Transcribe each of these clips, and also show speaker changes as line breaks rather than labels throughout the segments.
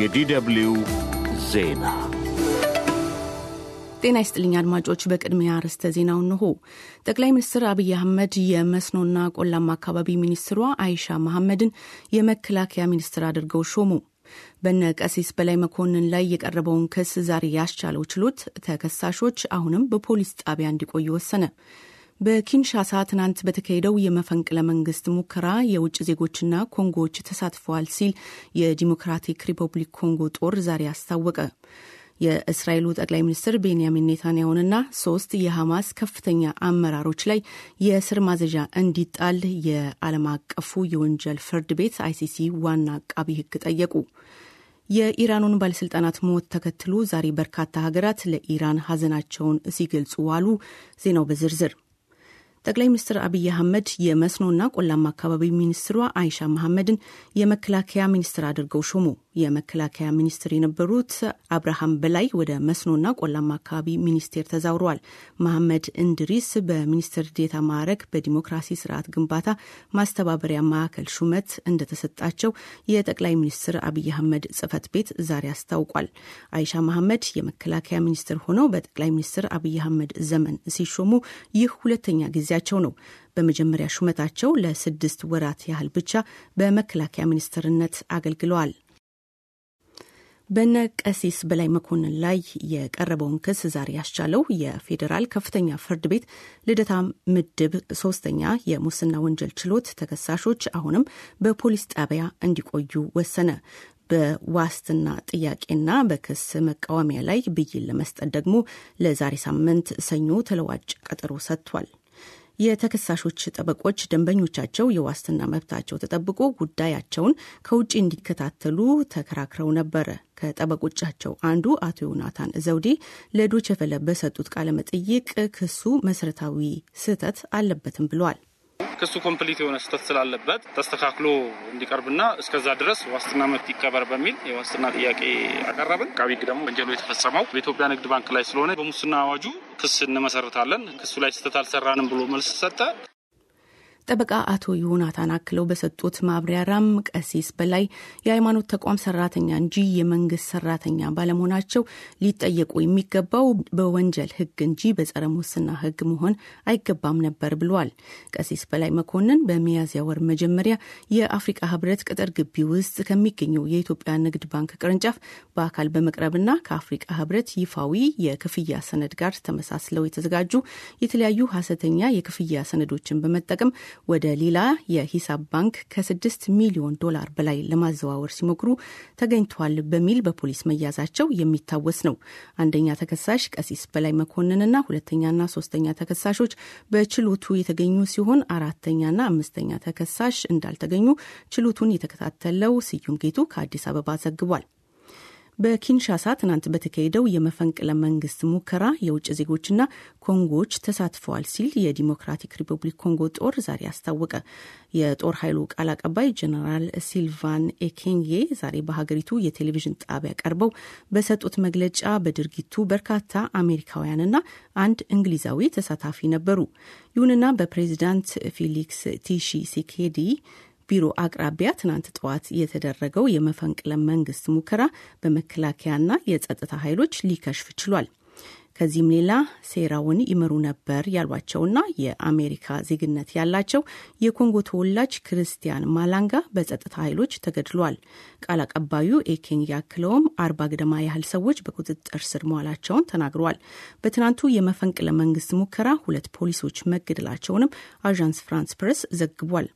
የዲደብልዩ ዜና ጤና ይስጥልኝ አድማጮች። በቅድሚያ ርዕሰ ዜናው እንሆ። ጠቅላይ ሚኒስትር አብይ አህመድ የመስኖና ቆላማ አካባቢ ሚኒስትሯ አይሻ መሐመድን የመከላከያ ሚኒስትር አድርገው ሾሙ። በነ ቀሲስ በላይ መኮንን ላይ የቀረበውን ክስ ዛሬ ያስቻለው ችሎት ተከሳሾች አሁንም በፖሊስ ጣቢያ እንዲቆዩ ወሰነ። በኪንሻሳ ትናንት በተካሄደው የመፈንቅለ መንግስት ሙከራ የውጭ ዜጎችና ኮንጎዎች ተሳትፈዋል ሲል የዲሞክራቲክ ሪፐብሊክ ኮንጎ ጦር ዛሬ አስታወቀ። የእስራኤሉ ጠቅላይ ሚኒስትር ቤንያሚን ኔታንያሁንና ሶስት የሐማስ ከፍተኛ አመራሮች ላይ የእስር ማዘዣ እንዲጣል የዓለም አቀፉ የወንጀል ፍርድ ቤት አይሲሲ ዋና አቃቢ ሕግ ጠየቁ። የኢራኑን ባለስልጣናት ሞት ተከትሎ ዛሬ በርካታ ሀገራት ለኢራን ሀዘናቸውን ሲገልጹ ዋሉ። ዜናው በዝርዝር ጠቅላይ ሚኒስትር አብይ አህመድ የመስኖና ቆላማ አካባቢ ሚኒስትሯ አይሻ መሐመድን የመከላከያ ሚኒስትር አድርገው ሾሙ። የመከላከያ ሚኒስትር የነበሩት አብርሃም በላይ ወደ መስኖና ቆላማ አካባቢ ሚኒስቴር ተዛውረዋል። መሐመድ እንድሪስ በሚኒስትር ዴታ ማዕረግ በዲሞክራሲ ስርዓት ግንባታ ማስተባበሪያ ማዕከል ሹመት እንደተሰጣቸው የጠቅላይ ሚኒስትር አብይ አህመድ ጽህፈት ቤት ዛሬ አስታውቋል። አይሻ መሐመድ የመከላከያ ሚኒስትር ሆነው በጠቅላይ ሚኒስትር አብይ አህመድ ዘመን ሲሾሙ ይህ ሁለተኛ ጊዜያቸው ነው። በመጀመሪያ ሹመታቸው ለስድስት ወራት ያህል ብቻ በመከላከያ ሚኒስትርነት አገልግለዋል። በነ ቀሲስ በላይ መኮንን ላይ የቀረበውን ክስ ዛሬ ያስቻለው የፌዴራል ከፍተኛ ፍርድ ቤት ልደታ ምድብ ሶስተኛ የሙስና ወንጀል ችሎት ተከሳሾች አሁንም በፖሊስ ጣቢያ እንዲቆዩ ወሰነ። በዋስትና ጥያቄና በክስ መቃወሚያ ላይ ብይን ለመስጠት ደግሞ ለዛሬ ሳምንት ሰኞ ተለዋጭ ቀጠሮ ሰጥቷል። የተከሳሾች ጠበቆች ደንበኞቻቸው የዋስትና መብታቸው ተጠብቆ ጉዳያቸውን ከውጭ እንዲከታተሉ ተከራክረው ነበረ። ከጠበቆቻቸው አንዱ አቶ ዮናታን ዘውዴ ለዶቸፈለ በሰጡት ቃለ መጠይቅ ክሱ መሰረታዊ ስህተት አለበትም ብሏል። ክሱ ኮምፕሊት የሆነ ስህተት ስላለበት ተስተካክሎ እንዲቀርብና እስከዛ ድረስ ዋስትና መብት ይከበር በሚል የዋስትና ጥያቄ አቀረብን። አቃቤ ሕግ ደግሞ ወንጀሉ የተፈጸመው በኢትዮጵያ ንግድ ባንክ ላይ ስለሆነ በሙስና አዋጁ ክስ እንመሰርታለን፣ ክሱ ላይ ስህተት አልሰራንም ብሎ መልስ ሰጠ። ጠበቃ አቶ ዮናታን አክለው በሰጡት ማብራሪያም ቀሲስ በላይ የሃይማኖት ተቋም ሰራተኛ እንጂ የመንግስት ሰራተኛ ባለመሆናቸው ሊጠየቁ የሚገባው በወንጀል ህግ እንጂ በጸረ ሙስና ህግ መሆን አይገባም ነበር ብሏል። ቀሲስ በላይ መኮንን በሚያዝያ ወር መጀመሪያ የአፍሪቃ ህብረት ቅጥር ግቢ ውስጥ ከሚገኘው የኢትዮጵያ ንግድ ባንክ ቅርንጫፍ በአካል በመቅረብና ከአፍሪቃ ህብረት ይፋዊ የክፍያ ሰነድ ጋር ተመሳስለው የተዘጋጁ የተለያዩ ሀሰተኛ የክፍያ ሰነዶችን በመጠቀም ወደ ሌላ የሂሳብ ባንክ ከስድስት ሚሊዮን ዶላር በላይ ለማዘዋወር ሲሞክሩ ተገኝተዋል በሚል በፖሊስ መያዛቸው የሚታወስ ነው። አንደኛ ተከሳሽ ቀሲስ በላይ መኮንንና ሁለተኛና ሶስተኛ ተከሳሾች በችሎቱ የተገኙ ሲሆን አራተኛና አምስተኛ ተከሳሽ እንዳልተገኙ ችሎቱን የተከታተለው ስዩም ጌቱ ከአዲስ አበባ ዘግቧል። በኪንሻሳ ትናንት በተካሄደው የመፈንቅለ መንግስት ሙከራ የውጭ ዜጎችና ኮንጎዎች ተሳትፈዋል ሲል የዲሞክራቲክ ሪፐብሊክ ኮንጎ ጦር ዛሬ አስታወቀ። የጦር ኃይሉ ቃል አቀባይ ጀነራል ሲልቫን ኤኬንጌ ዛሬ በሀገሪቱ የቴሌቪዥን ጣቢያ ቀርበው በሰጡት መግለጫ በድርጊቱ በርካታ አሜሪካውያንና አንድ እንግሊዛዊ ተሳታፊ ነበሩ። ይሁንና በፕሬዚዳንት ፊሊክስ ቲሺ ሴኬዲ ቢሮ አቅራቢያ ትናንት ጠዋት የተደረገው የመፈንቅለ መንግስት ሙከራ በመከላከያና የጸጥታ ኃይሎች ሊከሽፍ ችሏል። ከዚህም ሌላ ሴራውን ይመሩ ነበር ያሏቸውና የአሜሪካ ዜግነት ያላቸው የኮንጎ ተወላጅ ክርስቲያን ማላንጋ በጸጥታ ኃይሎች ተገድሏል። ቃል አቀባዩ ኤኬን ያክለውም አርባ ገደማ ያህል ሰዎች በቁጥጥር ስር መዋላቸውን ተናግረዋል። በትናንቱ የመፈንቅለ መንግስት ሙከራ ሁለት ፖሊሶች መገደላቸውንም አዣንስ ፍራንስ ፕሬስ ዘግቧል።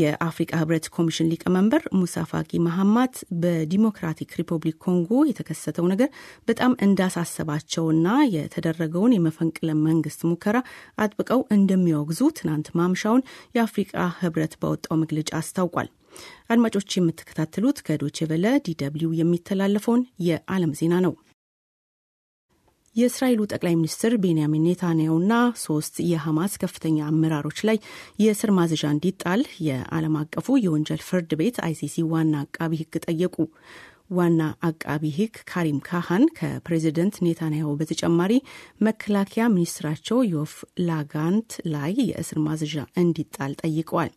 የአፍሪቃ ህብረት ኮሚሽን ሊቀመንበር ሙሳ ፋቂ መሐማት በዲሞክራቲክ ሪፐብሊክ ኮንጎ የተከሰተው ነገር በጣም እንዳሳሰባቸውና የተደረገውን የመፈንቅለ መንግስት ሙከራ አጥብቀው እንደሚያወግዙ ትናንት ማምሻውን የአፍሪቃ ህብረት በወጣው መግለጫ አስታውቋል። አድማጮች የምትከታተሉት ከዶቼ ቬለ ዲ የሚተላለፈውን የዓለም ዜና ነው። የእስራኤሉ ጠቅላይ ሚኒስትር ቤንያሚን እና ሶስት የሐማስ ከፍተኛ አመራሮች ላይ የእስር ማዘዣ እንዲጣል የዓለም አቀፉ የወንጀል ፍርድ ቤት አይሲሲ ዋና አቃቢ ሕግ ጠየቁ። ዋና አቃቢ ሕግ ካሪም ካሃን ከፕሬዚደንት ኔታንያሁ በተጨማሪ መከላከያ ሚኒስትራቸው ዮፍ ላጋንት ላይ የእስር ማዘዣ እንዲጣል ጠይቀዋል።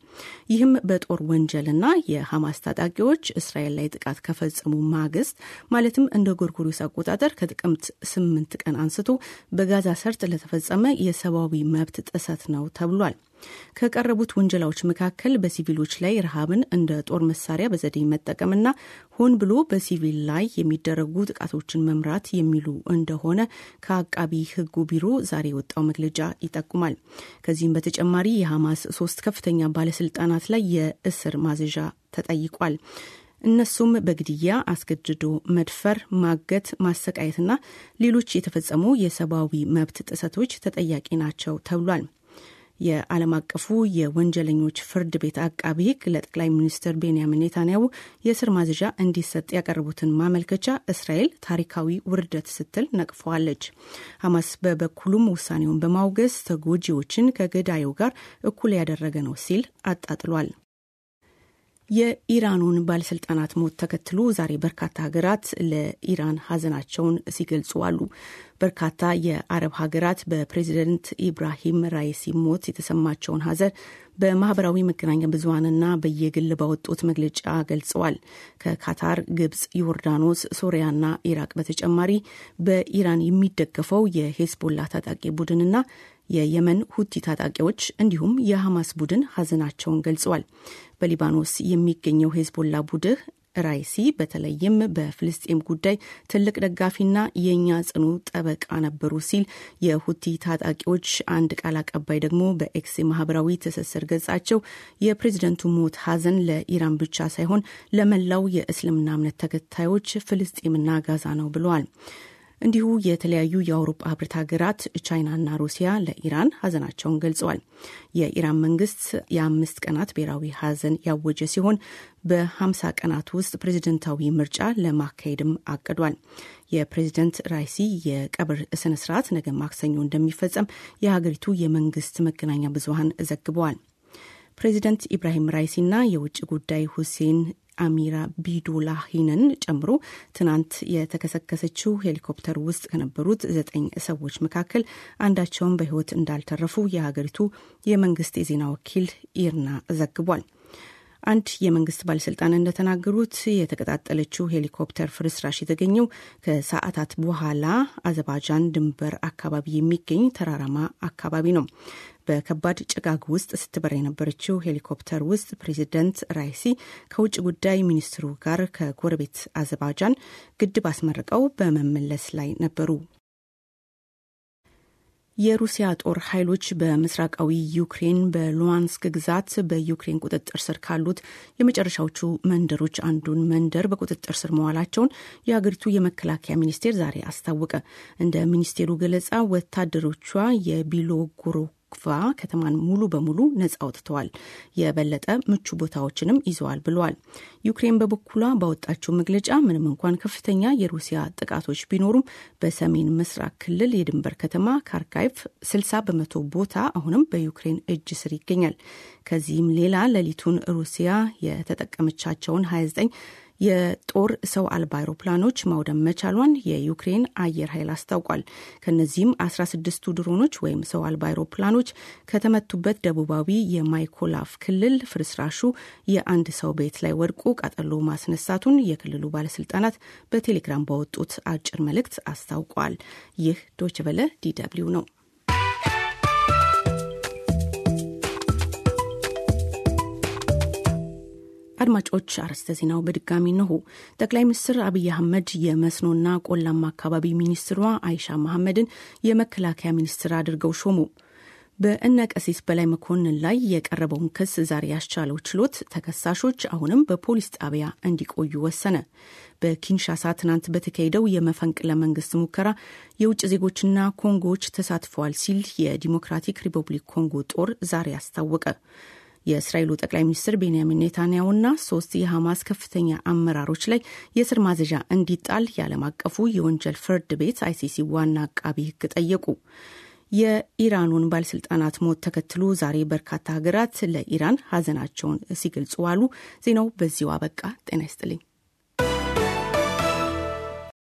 ይህም በጦር ወንጀልና የሐማስ ታጣቂዎች እስራኤል ላይ ጥቃት ከፈጸሙ ማግስት ማለትም እንደ ጎርጎሪስ አቆጣጠር ከጥቅምት ስምንት ቀን አንስቶ በጋዛ ሰርጥ ለተፈጸመ የሰብአዊ መብት ጥሰት ነው ተብሏል። ከቀረቡት ውንጀላዎች መካከል በሲቪሎች ላይ ረሃብን እንደ ጦር መሳሪያ በዘዴ መጠቀምና ሆን ብሎ በሲቪል ላይ የሚደረጉ ጥቃቶችን መምራት የሚሉ እንደሆነ ከአቃቢ ሕጉ ቢሮ ዛሬ የወጣው መግለጫ ይጠቁማል። ከዚህም በተጨማሪ የሐማስ ሶስት ከፍተኛ ባለስልጣናት ላይ የእስር ማዘዣ ተጠይቋል። እነሱም በግድያ፣ አስገድዶ መድፈር፣ ማገት፣ ማሰቃየትና ሌሎች የተፈጸሙ የሰብአዊ መብት ጥሰቶች ተጠያቂ ናቸው ተብሏል። የዓለም አቀፉ የወንጀለኞች ፍርድ ቤት አቃቢ ሕግ ለጠቅላይ ሚኒስትር ቤንያሚን ኔታንያሁ የእስር ማዘዣ እንዲሰጥ ያቀረቡትን ማመልከቻ እስራኤል ታሪካዊ ውርደት ስትል ነቅፈዋለች። ሐማስ በበኩሉም ውሳኔውን በማውገዝ ተጎጂዎችን ከገዳዩ ጋር እኩል ያደረገ ነው ሲል አጣጥሏል። የኢራኑን ባለስልጣናት ሞት ተከትሎ ዛሬ በርካታ ሀገራት ለኢራን ሀዘናቸውን ሲገልጹ አሉ። በርካታ የአረብ ሀገራት በፕሬዚደንት ኢብራሂም ራይሲ ሞት የተሰማቸውን ሀዘን በማህበራዊ መገናኛ ብዙሀንና በየግል ባወጡት መግለጫ ገልጸዋል። ከካታር፣ ግብጽ፣ ዮርዳኖስ፣ ሶሪያና ኢራቅ በተጨማሪ በኢራን የሚደገፈው የሄዝቦላ ታጣቂ ቡድንና የየመን ሁቲ ታጣቂዎች እንዲሁም የሐማስ ቡድን ሀዘናቸውን ገልጸዋል። በሊባኖስ የሚገኘው ሄዝቦላ ቡድህ ራይሲ በተለይም በፍልስጤም ጉዳይ ትልቅ ደጋፊና የእኛ ጽኑ ጠበቃ ነበሩ ሲል የሁቲ ታጣቂዎች አንድ ቃል አቀባይ ደግሞ በኤክስ ማህበራዊ ትስስር ገጻቸው የፕሬዝደንቱ ሞት ሀዘን ለኢራን ብቻ ሳይሆን ለመላው የእስልምና እምነት ተከታዮች ፍልስጤምና ጋዛ ነው ብለዋል። እንዲሁ የተለያዩ የአውሮፓ ህብረት ሀገራት ቻይናና ሩሲያ ለኢራን ሀዘናቸውን ገልጸዋል። የኢራን መንግስት የአምስት ቀናት ብሔራዊ ሀዘን ያወጀ ሲሆን በ50 ቀናት ውስጥ ፕሬዝደንታዊ ምርጫ ለማካሄድም አቅዷል። የፕሬዝደንት ራይሲ የቀብር ስነ ስርዓት ነገ ማክሰኞ እንደሚፈጸም የሀገሪቱ የመንግስት መገናኛ ብዙሀን ዘግበዋል። ፕሬዚደንት ኢብራሂም ራይሲና የውጭ ጉዳይ ሁሴን አሚራ ቢዱላሂንን ጨምሮ ትናንት የተከሰከሰችው ሄሊኮፕተር ውስጥ ከነበሩት ዘጠኝ ሰዎች መካከል አንዳቸውም በሕይወት እንዳልተረፉ የሀገሪቱ የመንግስት የዜና ወኪል ኢርና ዘግቧል። አንድ የመንግስት ባለስልጣን እንደተናገሩት የተቀጣጠለችው ሄሊኮፕተር ፍርስራሽ የተገኘው ከሰዓታት በኋላ አዘባጃን ድንበር አካባቢ የሚገኝ ተራራማ አካባቢ ነው። በከባድ ጭጋግ ውስጥ ስትበር የነበረችው ሄሊኮፕተር ውስጥ ፕሬዚደንት ራይሲ ከውጭ ጉዳይ ሚኒስትሩ ጋር ከጎረቤት አዘባጃን ግድብ አስመርቀው በመመለስ ላይ ነበሩ። የሩሲያ ጦር ኃይሎች በምስራቃዊ ዩክሬን በሉዋንስክ ግዛት በዩክሬን ቁጥጥር ስር ካሉት የመጨረሻዎቹ መንደሮች አንዱን መንደር በቁጥጥር ስር መዋላቸውን የሀገሪቱ የመከላከያ ሚኒስቴር ዛሬ አስታወቀ። እንደ ሚኒስቴሩ ገለጻ ወታደሮቿ የቢሎጎሮ ኩባ ከተማን ሙሉ በሙሉ ነጻ አውጥተዋል፣ የበለጠ ምቹ ቦታዎችንም ይዘዋል ብለዋል። ዩክሬን በበኩሏ ባወጣችው መግለጫ ምንም እንኳን ከፍተኛ የሩሲያ ጥቃቶች ቢኖሩም በሰሜን ምስራቅ ክልል የድንበር ከተማ ካርካይቭ 60 በመቶ ቦታ አሁንም በዩክሬን እጅ ስር ይገኛል። ከዚህም ሌላ ሌሊቱን ሩሲያ የተጠቀመቻቸውን 29 የጦር ሰው አልባ አይሮፕላኖች ማውደም መቻሏን የዩክሬን አየር ኃይል አስታውቋል። ከነዚህም 16ቱ ድሮኖች ወይም ሰው አልባ አይሮፕላኖች ከተመቱበት ደቡባዊ የማይኮላፍ ክልል ፍርስራሹ የአንድ ሰው ቤት ላይ ወድቆ ቃጠሎ ማስነሳቱን የክልሉ ባለስልጣናት በቴሌግራም ባወጡት አጭር መልእክት አስታውቋል። ይህ ዶችቨለ ዲ ነው። አድማጮች አርስተ ዜናው በድጋሚ ነሁ። ጠቅላይ ሚኒስትር አብይ አህመድ የመስኖና ቆላማ አካባቢ ሚኒስትሯ አይሻ መሐመድን የመከላከያ ሚኒስትር አድርገው ሾሙ። በእነ ቀሲስ በላይ መኮንን ላይ የቀረበውን ክስ ዛሬ ያስቻለው ችሎት ተከሳሾች አሁንም በፖሊስ ጣቢያ እንዲቆዩ ወሰነ። በኪንሻሳ ትናንት በተካሄደው የመፈንቅለ መንግስት ሙከራ የውጭ ዜጎችና ኮንጎዎች ተሳትፈዋል ሲል የዲሞክራቲክ ሪፐብሊክ ኮንጎ ጦር ዛሬ አስታወቀ። የእስራኤሉ ጠቅላይ ሚኒስትር ቤንያሚን እና ሶስት የሐማስ ከፍተኛ አመራሮች ላይ የእስር ማዘዣ እንዲጣል የዓለም አቀፉ የወንጀል ፍርድ ቤት አይሲሲ ዋና አቃቢ ህግ ጠየቁ። የኢራኑን ባለስልጣናት ሞት ተከትሎ ዛሬ በርካታ ሀገራት ለኢራን ሀዘናቸውን ሲገልጹ ዋሉ። ዜናው በዚሁ አበቃ። ጤና ይስጥልኝ።